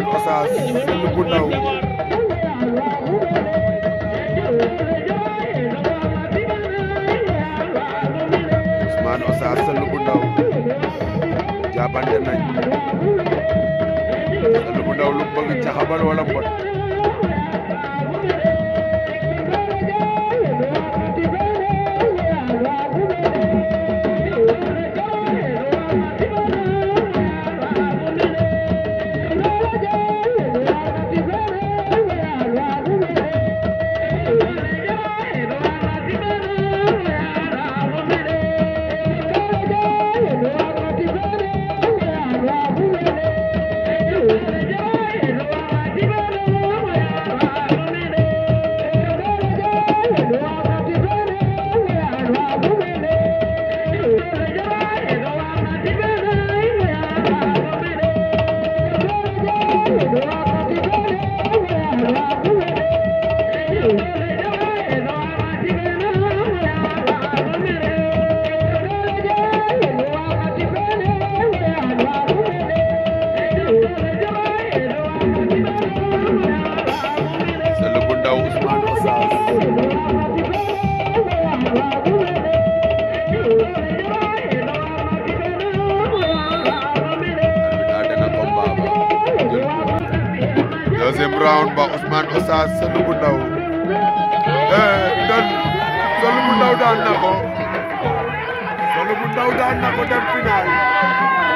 Hann Ossas Siteu bu ndaw Ousmane Ossas Siteu bu ndaw jaabante nañ Siteu bu ndaw lu bëgg caxabal wala mbot deuxième round ba Ousmane Oustaz Seuloubu Ndaw ten Solou bu Ndaw daan na ko Solou bu Ndaw daan na ko dem final